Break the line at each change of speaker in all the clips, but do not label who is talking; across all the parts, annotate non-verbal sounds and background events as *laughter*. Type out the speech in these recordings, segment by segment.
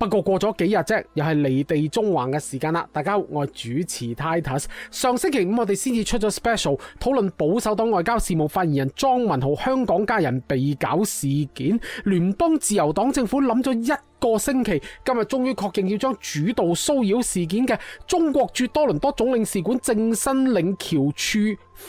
不過過咗幾日啫，又係離地縱橫嘅時間啦。大家好，我係主持 Titus。上星期五，我哋先至出咗 Special 討論保守黨外交事務發言人莊文浩香港家人被搞事件，聯邦自由黨政府諗咗一個星期今日終於確認要將主導騷擾事件嘅中國駐多倫多總領事館正新領僑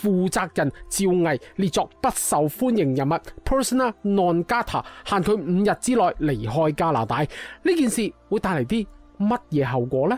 處負責人趙巍列作不受歡迎人物，persona non grata 限佢五日之內離開加拿大。呢件事會帶嚟啲乜嘢後果
呢？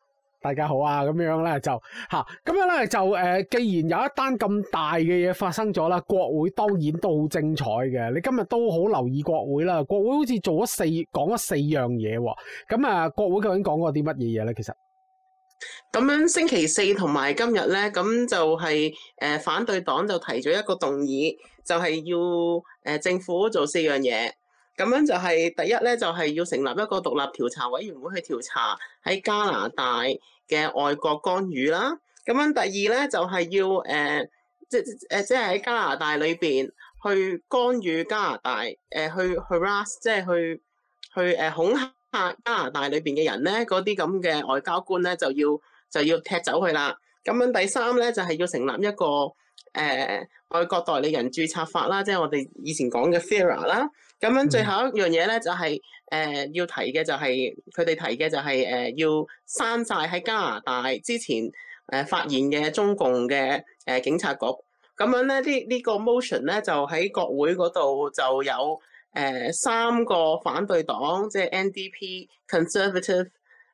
大家好啊，咁樣咧就吓，咁樣咧就誒，既然有一單咁大嘅嘢發生咗啦，國會當然都好精彩嘅。你今日都好留意國會啦，國會好似做咗四講咗四樣嘢喎。咁啊，國會究竟講過啲乜嘢嘢咧？其實
咁樣星期四同埋今日咧，咁就係誒，反對黨就提咗一個動議，就係要誒政府做四樣嘢。咁樣就係、是、第一咧，就係、是、要成立一個獨立調查委員會去調查喺加拿大嘅外國干預啦。咁樣第二咧，就係、是、要誒、呃，即係誒、呃，即係喺加拿大裏邊去干預加拿大誒、呃，去 harass，即係去去誒、呃，恐嚇加拿大裏邊嘅人咧，嗰啲咁嘅外交官咧就要就要踢走佢啦。咁樣第三咧，就係、是、要成立一個誒、呃、外國代理人註冊法啦，即係我哋以前講嘅 FERA 啦。咁樣最後一樣嘢咧，就係誒要提嘅，就是，提就係佢哋提嘅就係誒要閂曬喺加拿大之前誒發現嘅中共嘅誒、呃、警察局。咁樣咧，呢、這、呢個 motion 咧就喺國會嗰度就有誒、呃、三個反對黨，即係 NDP、呃、Conservative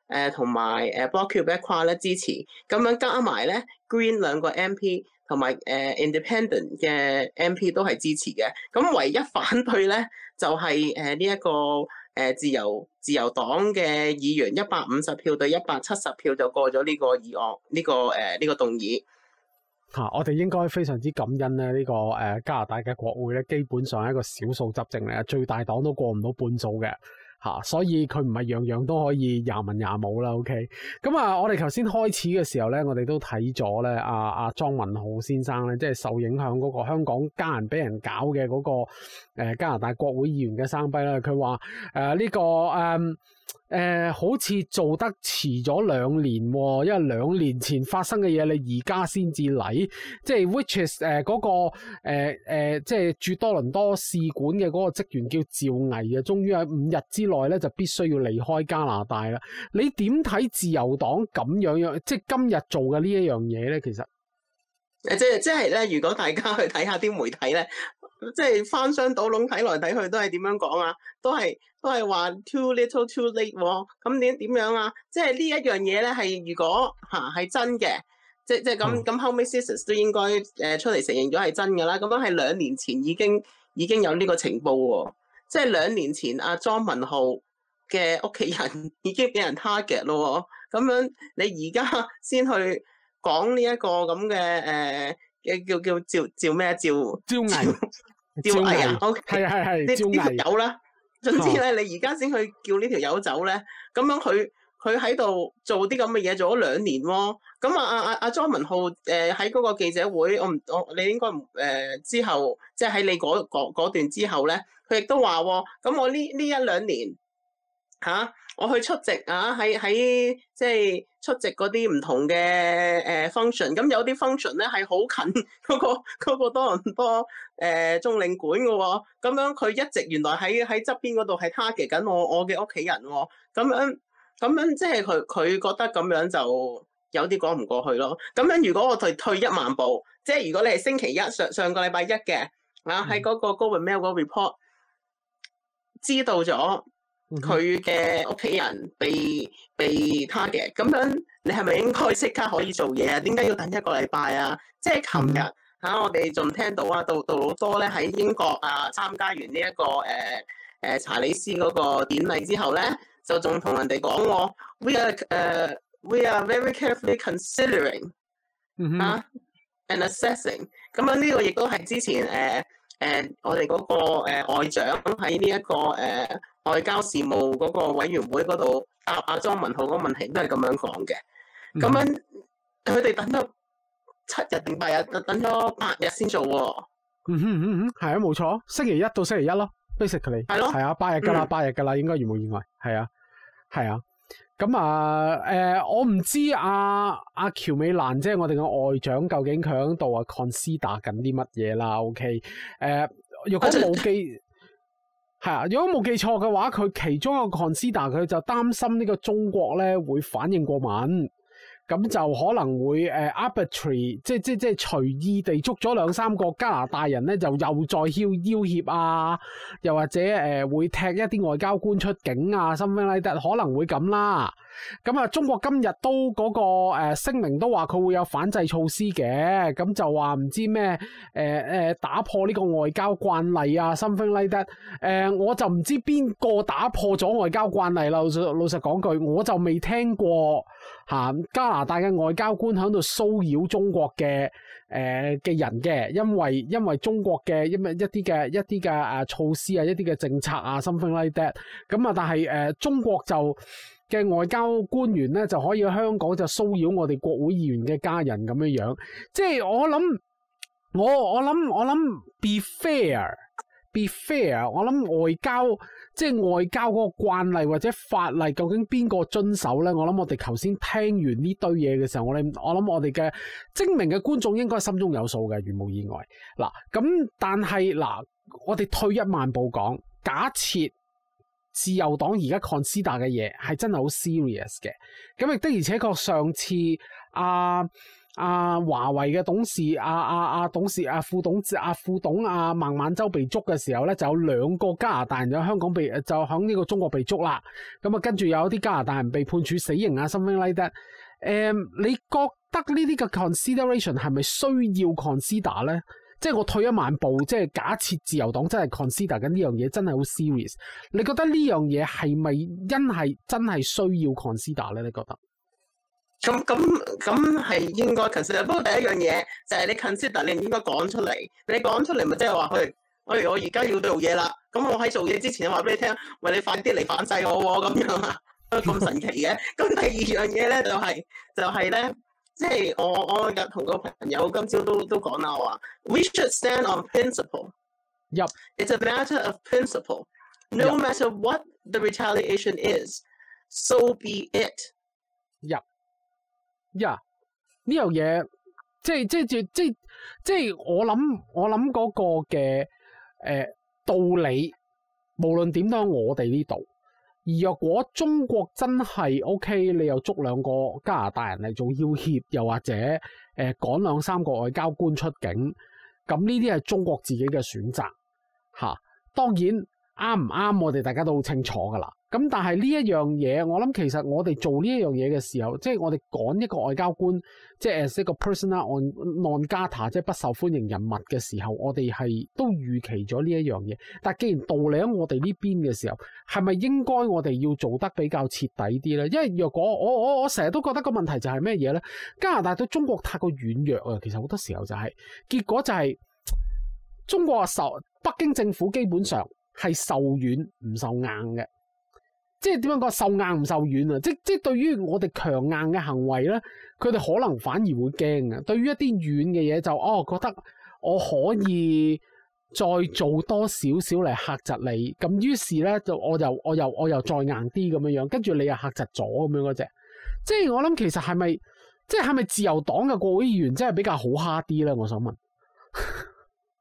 誒同埋誒 Bloc Québécois 咧支持。咁樣加埋咧，Green 兩個 MP。同埋誒、呃、independent 嘅 MP 都係支持嘅，咁唯一反對咧就係誒呢一個誒自由自由黨嘅議員，一百五十票對一百七十票就過咗呢個議案。呢、這個誒呢、呃這個動議。
嚇、啊！我哋應該非常之感恩咧，呢、這個誒、呃、加拿大嘅國會咧基本上係一個少數執政嚟嘅，最大黨都過唔到半數嘅。吓，所以佢唔係樣樣都可以廿文廿武啦。OK，咁啊，我哋頭先開始嘅時候咧，我哋都睇咗咧，阿阿莊文浩先生咧，即係受影響嗰個香港家人俾人搞嘅嗰、嗰個誒、呃、加拿大國會議員嘅生碑啦。佢話誒呢個誒。Um, 誒、呃，好似做得遲咗兩年、哦，因為兩年前發生嘅嘢，你而家先至嚟，即係 which is 誒嗰個誒誒，即係駐多倫多使館嘅嗰個職員叫趙巍啊，終於喺五日之內咧就必須要離開加拿大啦。你點睇自由黨咁樣樣，即係今日做嘅呢一樣嘢咧？其實
誒，即係即係咧，如果大家去睇下啲媒體咧。即係翻箱倒籠睇來睇去都係點樣講啊？都係都係話 too little too late 喎、哦。咁點點樣啊？即係呢一樣嘢咧，係如果嚇係、啊、真嘅，即即咁咁，後面 sources 都應該誒出嚟承認咗係真㗎啦。咁樣係兩年前已經已經有呢個情報喎、哦。即係兩年前阿莊、啊、文浩嘅屋企人已經俾人 target 咯、哦。咁樣你而家先去講呢一個咁嘅誒叫叫叫召召咩召？
召叫是 *laughs* 釣餌啊，係啊係啊，呢呢條友
啦，總之咧，哦、你而家先去叫呢條友走咧，咁樣佢佢喺度做啲咁嘅嘢，做咗兩年咯。咁啊啊啊啊，莊、啊啊、文浩誒，喺嗰個記者會，我唔我你應該唔誒之後，即係喺你嗰段之後咧，佢亦都話喎，咁我呢呢一兩年。吓、啊！我去出席啊，喺喺即係出席嗰啲唔同嘅誒 function，咁有啲 function 咧係好近嗰、嗰個、嗰個多倫多誒中領館嘅喎，咁、啊、樣佢一直原來喺喺側邊嗰度係 target 緊我我嘅屋企人，咁、啊、樣咁樣即係佢佢覺得咁樣就有啲講唔過去咯。咁樣如果我再退一萬步，即係如果你係星期一上上個禮拜一嘅啊，喺嗰、嗯、個 Globe and Mail 個 report 知道咗。佢嘅屋企人被、mm hmm. 被他嘅咁樣，你係咪應該即刻可以做嘢啊？點解要等一個禮拜啊？即係琴日嚇，我哋仲聽到啊，杜杜魯多咧喺英國啊參加完呢、這、一個誒誒、啊啊、查理斯嗰個典禮之後咧，就仲同人哋講 we are 誒、uh, we are very carefully considering 嚇、mm hmm. 啊、and assessing。咁樣呢個亦都係之前誒誒、啊啊、我哋嗰個誒外長喺呢一個誒。啊外交事務嗰個委員會嗰度答阿莊文浩嗰個問題都，都係咁樣講嘅。咁樣佢哋等得七日定八日，就等咗八日先做、哦
嗯。嗯哼嗯哼，係啊，冇錯，星期一到星期一咯。basically，係咯的，係啊，八日㗎啦，嗯、八日㗎啦，應該完無意外。係啊，係啊。咁、嗯嗯嗯嗯嗯、啊，誒、啊，我唔知阿阿喬美蘭即係、就是、我哋嘅外長，究竟佢喺度啊 concern 打緊啲乜嘢啦？OK，誒，若、嗯嗯、果冇機。 *laughs* 係啊，如果冇記錯嘅話，佢其中一個 Consider 佢就擔心呢個中國咧會反應過敏。咁就可能會誒 arbitrary，即係即係即係隨意地捉咗兩三個加拿大人咧，就又再要要挾啊，又或者誒、呃、會踢一啲外交官出境啊，something like that，可能會咁啦。咁、嗯、啊，中國今日都嗰、那個誒聲、呃、明都話佢會有反制措施嘅，咁、嗯、就話唔知咩誒誒打破呢個外交慣例啊，something like that、呃。我就唔知邊個打破咗外交慣例啦，老實老實講句，我就未聽過。嚇！加拿大嘅外交官喺度騷擾中國嘅誒嘅人嘅，因為因為中國嘅一乜一啲嘅一啲嘅誒措施啊，一啲嘅政策啊，something like that。咁、呃、啊，但係誒中國就嘅外交官員咧，就可以喺香港就騷擾我哋國會議員嘅家人咁樣樣。即係我諗，我我諗我諗 be fair。Be fair，我諗外交即係外交嗰個慣例或者法例，究竟邊個遵守咧？我諗我哋頭先聽完呢堆嘢嘅時候，我諗我諗我哋嘅精明嘅觀眾應該心中有數嘅，如無意外。嗱、啊，咁但係嗱、啊，我哋退一萬步講，假設自由黨而家 consider 嘅嘢係真係好 serious 嘅，咁亦的而且確上次阿。啊阿、啊、華為嘅董事阿阿阿董事阿、啊、副董事阿副董阿孟晚舟被捉嘅時候咧，就有兩個加拿大人喺香港被就喺呢個中國被捉啦。咁、嗯、啊，跟住有啲加拿大人被判處死刑啊，something like that。誒、嗯，你覺得呢啲嘅 consideration 係咪需要 consider 咧？即係我退一萬步，即係假設自由黨真係 consider 緊呢樣嘢，真係好 serious。你覺得呢樣嘢係咪因係真係需要 consider 咧？你覺得？
咁咁咁係應該 consider，不過第一樣嘢就係你 consider，你唔應該講出嚟。你講出嚟咪即係話佢，例如我而家要做嘢啦，咁我喺做嘢之前話俾你聽，唔係你快啲嚟反制我喎咁樣啊，咁神奇嘅。咁第二樣嘢咧就係就係咧，即係我我日同個朋友今朝都都講啦話，we should stand on principle，yes，it's a matter of principle，no matter what the
retaliation is，so be it。呀！呢樣嘢，即係即係即係即係，我諗我諗個嘅誒道理，無論點都喺我哋呢度。而若果中國真係 O K，你又捉兩個加拿大人嚟做要挾，又或者誒趕兩三個外交官出境，咁呢啲係中國自己嘅選擇吓。Ha, 當然啱唔啱，我哋大家都好清楚噶啦。咁但係呢一樣嘢，我諗其實我哋做呢一樣嘢嘅時候，即係我哋講一個外交官，即係 as 一個 persona non grata，即係不受歡迎人物嘅時候，我哋係都預期咗呢一樣嘢。但既然道理喺我哋呢邊嘅時候，係咪應該我哋要做得比較徹底啲呢？因為若果我我我成日都覺得個問題就係咩嘢呢？加拿大對中國太過軟弱啊！其實好多時候就係、是、結果就係中國受北京政府基本上係受軟唔受硬嘅。即係點樣講，受硬唔受軟啊？即即對於我哋強硬嘅行為咧，佢哋可能反而會驚啊。對於一啲軟嘅嘢就，哦，覺得我可以再做多少少嚟，吓窒你。咁於是咧就我就我又我又再硬啲咁樣樣，跟住你又吓窒咗咁樣嗰隻。即係我諗其實係咪即係係咪自由黨嘅國會議員，真係比較好蝦啲呢？我想問。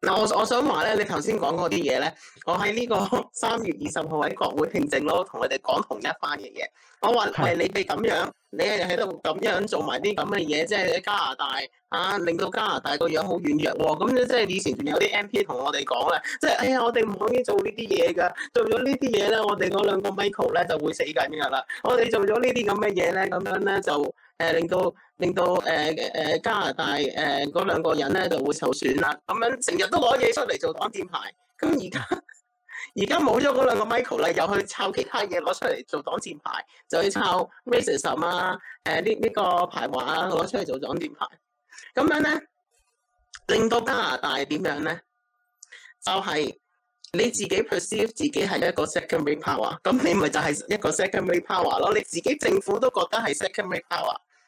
嗱，我
我想話咧，你頭先講嗰啲嘢咧，我喺呢個三月二十號喺國會聽證咯，同佢哋講同一番嘅嘢。我話誒，的你哋咁樣，你係喺度咁樣做埋啲咁嘅嘢，即係喺加拿大啊，令到加拿大個樣好軟弱喎。咁、哦、咧即係以前仲有啲 M P 同我哋講咧，即係哎呀，我哋唔可以做呢啲嘢噶，做咗呢啲嘢咧，我哋嗰兩個 Michael 咧就會死緊噶啦。我哋做咗呢啲咁嘅嘢咧，咁樣咧就誒、欸、令到。令到誒誒、呃呃、加拿大誒嗰、呃、兩個人咧就會受損啦，咁樣成日都攞嘢出嚟做擋箭牌。咁而家而家冇咗嗰兩個 Michael 啦，又去抄其他嘢攞出嚟做擋箭牌，就去抄 racism 啊，誒呢呢個排華啊攞出嚟做擋箭牌。咁樣咧，令到加拿大點樣咧？就係、是、你自己 perceive 自己係一個 secondary power，咁你咪就係一個 secondary power 咯。你自己政府都覺得係 secondary power。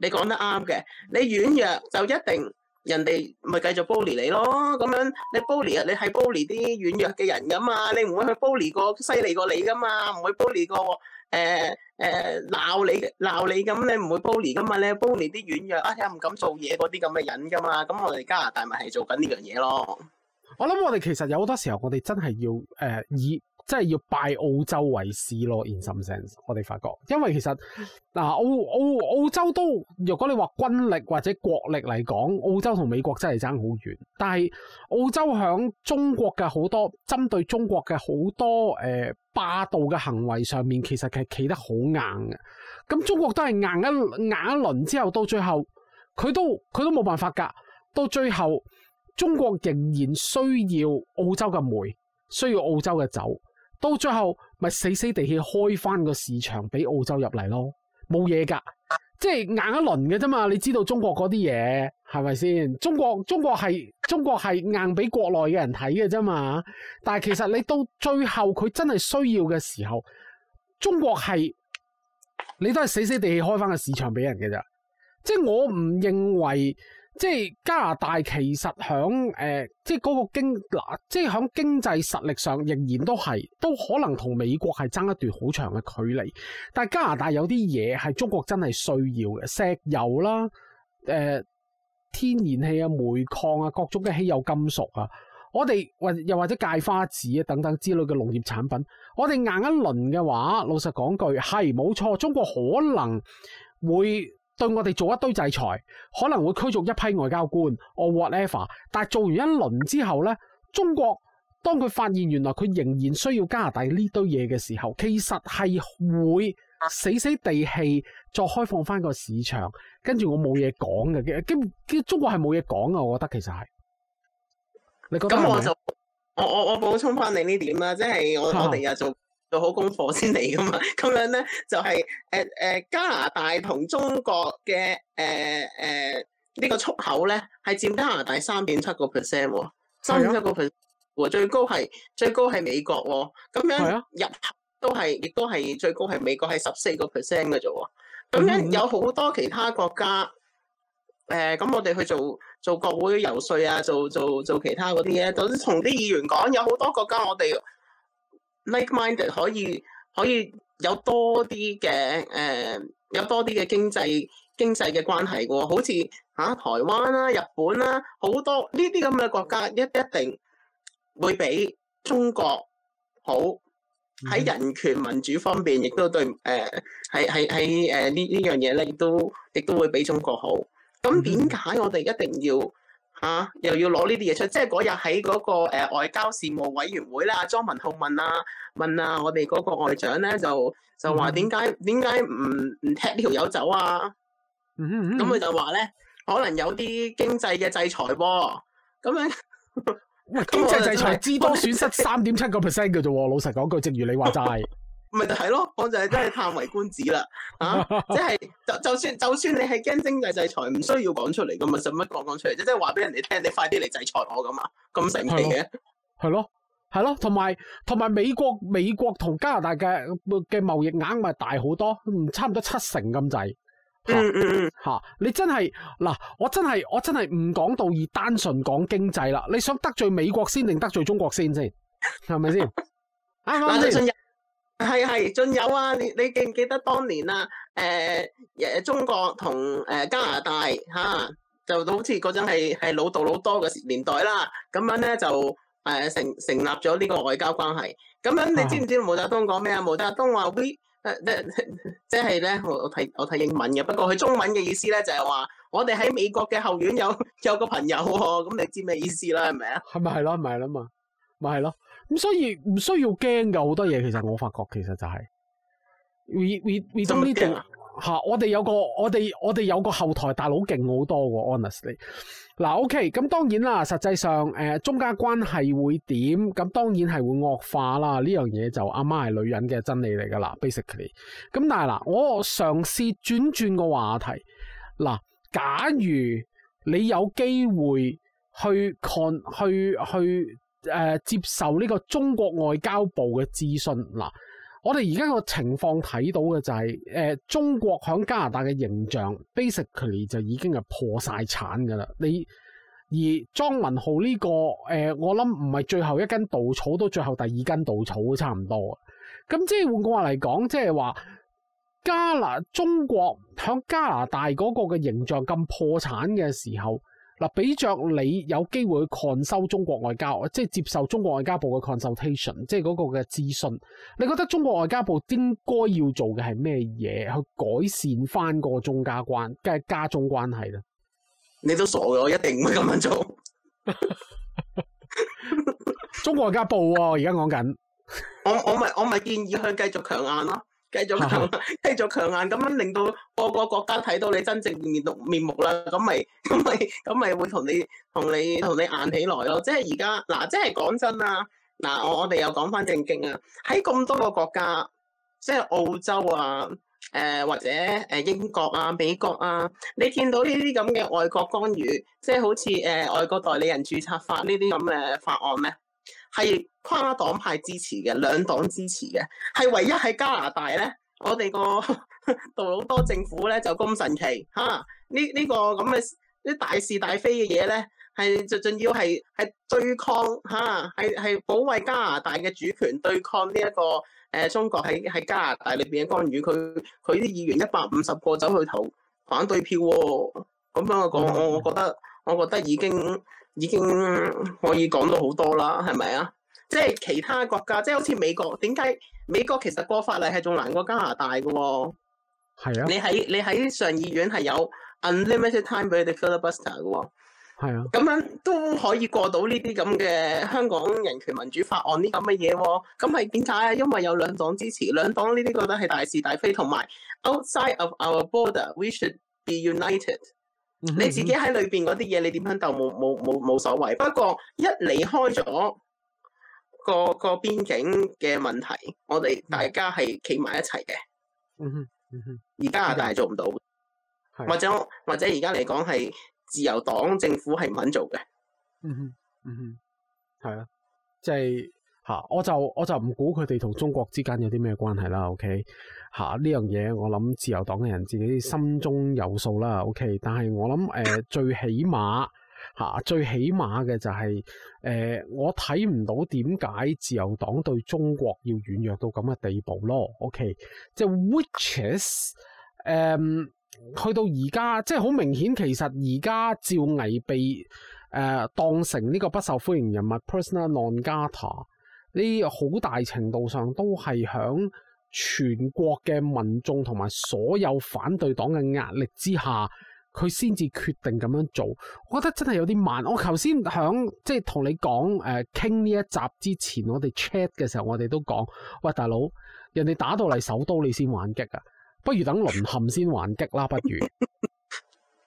你講得啱嘅，你軟弱就一定人哋咪繼續 bully 你咯，咁樣你 bully 你係 bully 啲軟弱嘅人噶嘛，你唔會去 bully 個犀利過你噶嘛，唔會 bully 個誒誒鬧你鬧你咁，你唔會 bully 噶嘛，你 bully 啲軟弱，哎呀唔敢做嘢嗰啲咁嘅人噶嘛，咁我哋加拿大咪係做緊呢樣嘢咯。
我諗我哋其實有好多時候我，我哋真係要誒以。真係要拜澳洲為師咯，in some sense，我哋發覺，因為其實嗱、啊，澳澳澳洲都，如果你話軍力或者國力嚟講，澳洲同美國真係爭好遠。但係澳洲響中國嘅好多針對中國嘅好多誒、呃、霸道嘅行為上面，其實係企得好硬嘅。咁中國都係硬一硬一輪之後，到最後佢都佢都冇辦法㗎。到最後，中國仍然需要澳洲嘅煤，需要澳洲嘅酒。到最後咪死死地氣開翻個市場俾澳洲入嚟咯，冇嘢噶，即係硬一輪嘅啫嘛。你知道中國嗰啲嘢係咪先？中國中國係中國係硬俾國內嘅人睇嘅啫嘛。但係其實你到最後佢真係需要嘅時候，中國係你都係死死地氣開翻個市場俾人嘅咋。即係我唔認為。即係加拿大，其實喺誒、呃，即係、那、嗰個經嗱，即係喺經濟實力上仍然都係，都可能同美國係爭一段好長嘅距離。但係加拿大有啲嘢係中國真係需要嘅，石油啦，誒、呃，天然氣啊，煤礦啊，各種嘅稀有金屬啊，我哋或又或者芥花籽啊等等之類嘅農業產品，我哋硬一輪嘅話，老實講句係冇錯，中國可能會。對我哋做一堆制裁，可能會驅逐一批外交官 or whatever。但係做完一輪之後呢，中國當佢發現原來佢仍然需要加拿大呢堆嘢嘅時候，其實係會死死地氣再開放翻個市場。跟住我冇嘢講嘅，跟跟跟，中國係冇嘢講嘅。我覺得其實係。你覺得是是？咁我就
我我我補充翻你呢點啦，即係我我哋做。啊做好功課先嚟㗎嘛？咁樣咧就係誒誒加拿大同中國嘅誒誒呢個出口咧，係佔加拿大三點七個 percent 喎，三點七個 percent，最高係最高係美國喎、哦。咁樣入口都係，亦都係最高係美國係十四個 percent 㗎啫。咁樣有好多其他國家誒，咁、mm hmm. 呃、我哋去做做國會遊說啊，做做做其他嗰啲嘢，就同啲議員講，有好多國家我哋。like-minded 可以可以有多啲嘅誒有多啲嘅經濟經濟嘅關係，嘅好似吓、啊、台灣啦、啊、日本啦、啊，好多呢啲咁嘅國家一一定會比中國好喺、mm hmm. 人權民主方面，亦都對誒係係喺誒呢呢樣嘢咧，亦、uh, uh, 都亦都會比中國好。咁點解我哋一定要？啊！又要攞呢啲嘢出，即係嗰日喺嗰個誒、呃、外交事務委員會啦，莊文浩問啊問啊，我哋嗰個外長咧就就話點解點解唔唔踢呢條友走啊？
咁佢、嗯嗯、就
話咧，可能有啲經濟嘅制裁喎。咁、 *laughs* 就是、
經濟制裁至多損失三點七個 percent 嘅啫。老實講句，正如你話齋。
咪就係咯，我就係真係嘆為觀止啦！啊，即係就、就,就算就算你係驚經濟制裁，唔需要講出嚟噶嘛，使乜講講出嚟啫？即係話俾人哋聽，你快啲嚟制裁我㗎嘛。咁成
奇嘅，係咯係咯，同埋同埋美國美國同加拿大嘅嘅貿易額咪大好多，差唔多七成咁滯吓。你真係嗱，我真係我真係唔講道義，單純講經濟啦。你想得罪美國先定得罪中國先 *laughs* 先？係咪先？
啊對！單 vine 係係，仲有啊！你你記唔記得當年啊？誒，誒，中國同誒加拿大吓，啊，就好似嗰陣係係老道老多嘅年代啦。咁樣咧，就誒、呃、成成立咗呢個外交關係。咁樣你知唔知毛澤東講咩啊？毛澤東話，嗰啲即係咧，我睇，我睇英文嘅，不過佢中文嘅意思咧就係話，我哋喺美國嘅後院有有個朋友喎，哦。咁你知咩意思是是啦？係咪啊？
係咪係咯？咪係咯？咪係咯？咁所以唔需要驚嘅好多嘢，其實我發覺其實就係，we we we 呢段嚇，我哋有個我哋我哋有個後台大佬勁好多喎，honestly。嗱、啊、OK，咁當然啦，實際上誒、呃、中間關係會點？咁當然係會惡化啦。呢樣嘢就阿、啊、媽係女人嘅真理嚟噶啦，basically。咁但係嗱、啊，我嘗試轉轉個話題。嗱、啊，假如你有機會去抗去去。去去誒、呃，接受呢個中國外交部嘅諮詢。嗱，我哋而家個情況睇到嘅就係、是，誒、呃，中國響加拿大嘅形象，basically 就已經係破晒產㗎喇。你而莊文浩呢、這個，誒、呃，我諗唔係最後一根稻草，到最後第二根稻草都差唔多啊。咁即係換過話嚟講，即係話加拿中國響加拿大嗰個嘅形象咁破產嘅時候。嗱，比着你有機會去看收中國外交，即係接受中國外交部嘅 consultation，即係嗰個嘅諮詢。你覺得中國外交部應該要做嘅係咩嘢去改善翻個中加關，即係加中關係咧？
你都傻嘅，我一定唔會咁樣做。
*laughs* *laughs* 中國外交部喎、啊，而家講緊。
我我咪我咪建議佢繼續強硬咯、啊。繼續強，繼續強硬咁樣，令到各個國家睇到你真正面目面目啦，咁咪咁咪咁咪會同你同你同你硬起來咯。即係而家嗱，即係講真啦，嗱、啊、我我哋又講翻正經啊，喺咁多個國家，即係澳洲啊，誒、呃、或者誒英國啊、美國啊，你見到呢啲咁嘅外國干預，即係好似誒、呃、外國代理人註冊法呢啲咁嘅法案咩？係跨黨派支持嘅，兩黨支持嘅，係唯一喺加拿大咧，我哋個 *laughs* 杜魯多政府咧就咁神奇吓，呢呢、這個咁嘅啲大是大非嘅嘢咧，係最重要係係對抗吓，係係保衛加拿大嘅主權，對抗呢、這、一個誒、呃、中國喺喺加拿大裏邊嘅干預，佢佢啲議員一百五十個走去投反對票喎、哦，咁樣我講，我我覺得，我覺得已經。已經可以講到好多啦，係咪啊？即係其他國家，即係好似美國，點解美國其實過法例係仲難過加拿大噶係啊。你喺你喺上議院係有 unlimited time 俾你哋 filibuster 噶喎。
係啊。
咁樣都可以過到呢啲咁嘅香港人權民主法案呢咁嘅嘢，咁係點解啊？因為有兩黨支持，兩黨呢啲覺得係大是大非，同埋 outside of our border we should be united。你自己喺裏邊嗰啲嘢，你點樣鬥，冇冇冇冇所謂。不過一離開咗個個邊境嘅問題，我哋大家係企埋一齊嘅。而加拿大係做唔到、嗯嗯或，或者或者而家嚟講係自由黨政府係唔肯做嘅、嗯。嗯哼，嗯哼，
係啊，即係。吓，我就我就唔估佢哋同中國之間有啲咩關係啦。OK，吓呢樣嘢我諗自由黨嘅人自己心中有數啦。OK，但係我諗誒、呃、最起碼吓、啊、最起碼嘅就係、是、誒、呃、我睇唔到點解自由黨對中國要軟弱到咁嘅地步咯。OK，即係 witches 誒去到而家即係好明顯，其實而家趙巍被誒、呃、當成呢個不受歡迎人物 Persona non grata 呢好大程度上都係響全國嘅民眾同埋所有反對黨嘅壓力之下，佢先至決定咁樣做。我覺得真係有啲慢。我頭先響即係同你講誒，傾、呃、呢一集之前我哋 check 嘅時候，我哋都講喂，大佬人哋打到嚟首都你先還擊啊，不如等淪陷先還擊啦、啊，不如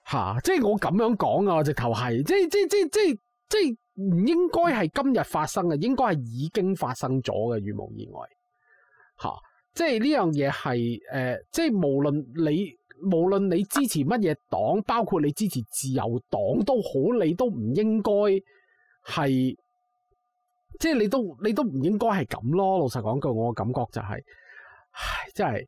吓、啊，即係我咁樣講啊，直頭係，即係即係即係即係。即即唔應該係今日發生嘅，應該係已經發生咗嘅，如無意外吓、啊，即係呢樣嘢係誒，即係無論你無論你支持乜嘢黨，包括你支持自由黨都好，你都唔應該係，即係你都你都唔應該係咁咯。老實講句，我嘅感覺就係、是，唉，真係。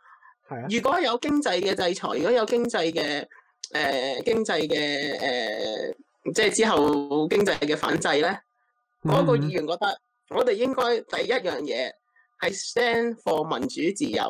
如果有經濟嘅制裁，如果有經濟嘅誒、呃、經濟嘅誒、呃，即係之後經濟嘅反制咧，
嗰、mm hmm. 個議
員覺得我哋應該第一樣嘢係 stand for 民主自由，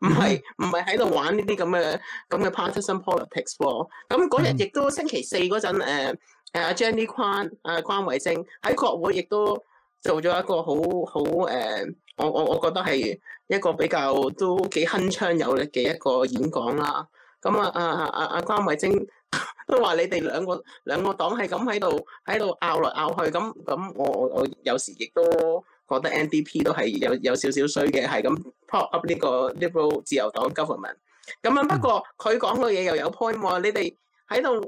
唔係唔係喺度玩呢啲咁嘅咁嘅 partisan politics 噃。咁、那、嗰、個、日亦都星期四嗰陣，誒、呃、阿、呃、Jenny 關阿關慧貞喺國會亦都。做咗一個好好誒，我我我覺得係一個比較都幾鏗鏘有力嘅一個演講啦。咁、嗯、啊啊啊啊，關慧貞都話你哋兩個兩個黨係咁喺度喺度拗來拗去，咁咁我我有時亦都覺得 NDP 都係有有少少衰嘅，係咁 prop up 呢個 Liberal 自由黨 government。咁啊不過佢講嘅嘢又有 point 喎，你哋喺度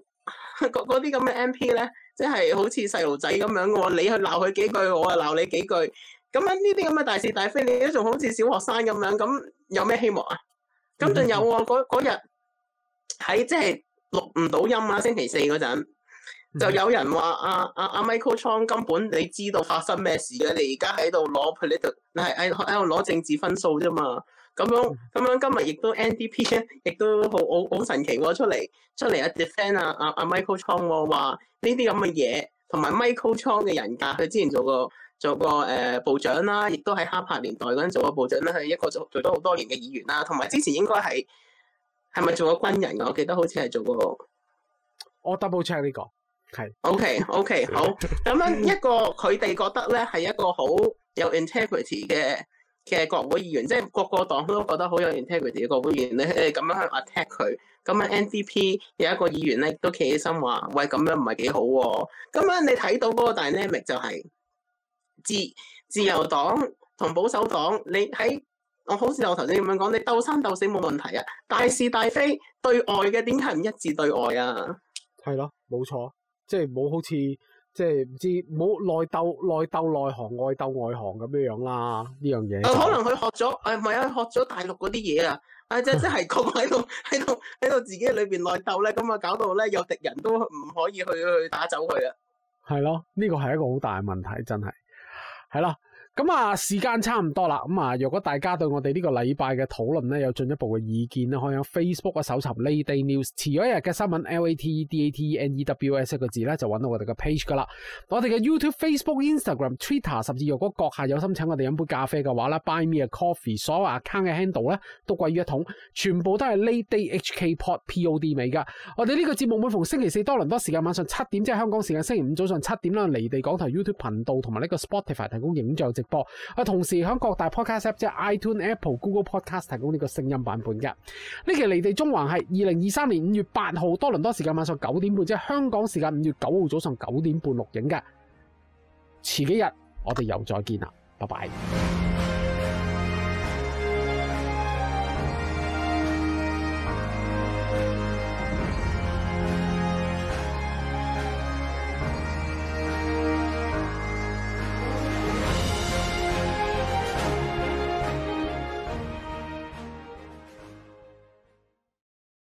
嗰嗰啲咁嘅 MP 咧。即係好似細路仔咁樣喎，你去鬧佢幾句，我啊鬧你幾句。咁喺呢啲咁嘅大是大非，你都仲好似小學生咁樣，咁有咩希望啊？今仲有喎、哦，嗰日喺即係錄唔到音啊，星期四嗰陣就有人話阿阿阿 Michael c h n g 根本你知道發生咩事嘅，你而家喺度攞 p o l i t 喺度攞政治分數啫嘛。咁樣咁樣，樣今日亦都 NDP 咧，亦都好好好神奇喎！出嚟出嚟一 defend 啊，阿、啊、阿 Michael Chong 話呢啲咁嘅嘢，同埋 Michael Chong 嘅人格，佢之前做過做過誒、呃、部長啦，亦都喺哈柏年代嗰陣做過部長啦，佢一個做做咗好多年嘅議員啦，同、啊、埋之前應該係係咪做過軍人？我記得好似係做過。
我 double check 呢個係。
OK OK， *laughs* 好咁樣一個，佢哋覺得咧係一個好有 integrity 嘅。嘅國會議員，即係各個黨都覺得好有 integrity 嘅國會議員你咁樣去 attack 佢。咁啊，NDP 有一個議員咧，都企起身話，喂，咁樣唔係幾好啊。咁樣你睇到嗰個 dynamic 就係自自由黨同保守黨，你喺我好似我頭先咁樣講，你鬥生鬥死冇問題啊。大是大非對外嘅點解唔一致對外啊？
係咯，冇錯，即係冇好似。即係唔知，唔好內鬥內鬥內行，外鬥外行咁樣樣啦呢樣嘢。可能
佢學咗誒，唔、啊、係啊，學咗大陸嗰啲嘢啊，啊 *laughs* 即係即係焗喺度，喺度喺度自己裏邊內鬥咧，咁啊搞到咧有敵人都唔可以去去打走佢
啊。係咯，呢、呢個係一個好大嘅問題，真係係咯。咁啊，時間差唔多啦。咁啊，若果大家對我哋呢個禮拜嘅討論咧，有進一步嘅意見咧，可以響 Facebook 啊搜尋 LateDate News，遲咗一日嘅新聞 L A T E D A T E N E W S 個字咧，就揾到我哋嘅 page 噶啦。我哋嘅 YouTube、Facebook、Instagram、Twitter，甚至若果閣下有心請我哋飲杯咖啡嘅話啦，Buy me a coffee，所有 account 嘅 handle 咧，都貴於一桶，全部都係 LateDate HK Pod POD 美噶。我哋呢個節目每逢星期四多倫多時間，晚上七點即係香港時間，星期五早上七點啦，離地港台 YouTube 頻道同埋呢個 Spotify 提供影像播啊！同時喺各大 podcast app，即係 iTune、Apple、Google Podcast 提供呢個聲音版本嘅。呢期離地中環係二零二三年五月八號多倫多時間晚上九點半，即係香港時間五月九號早上九點半錄影嘅。遲幾日我哋又再見啦，拜拜。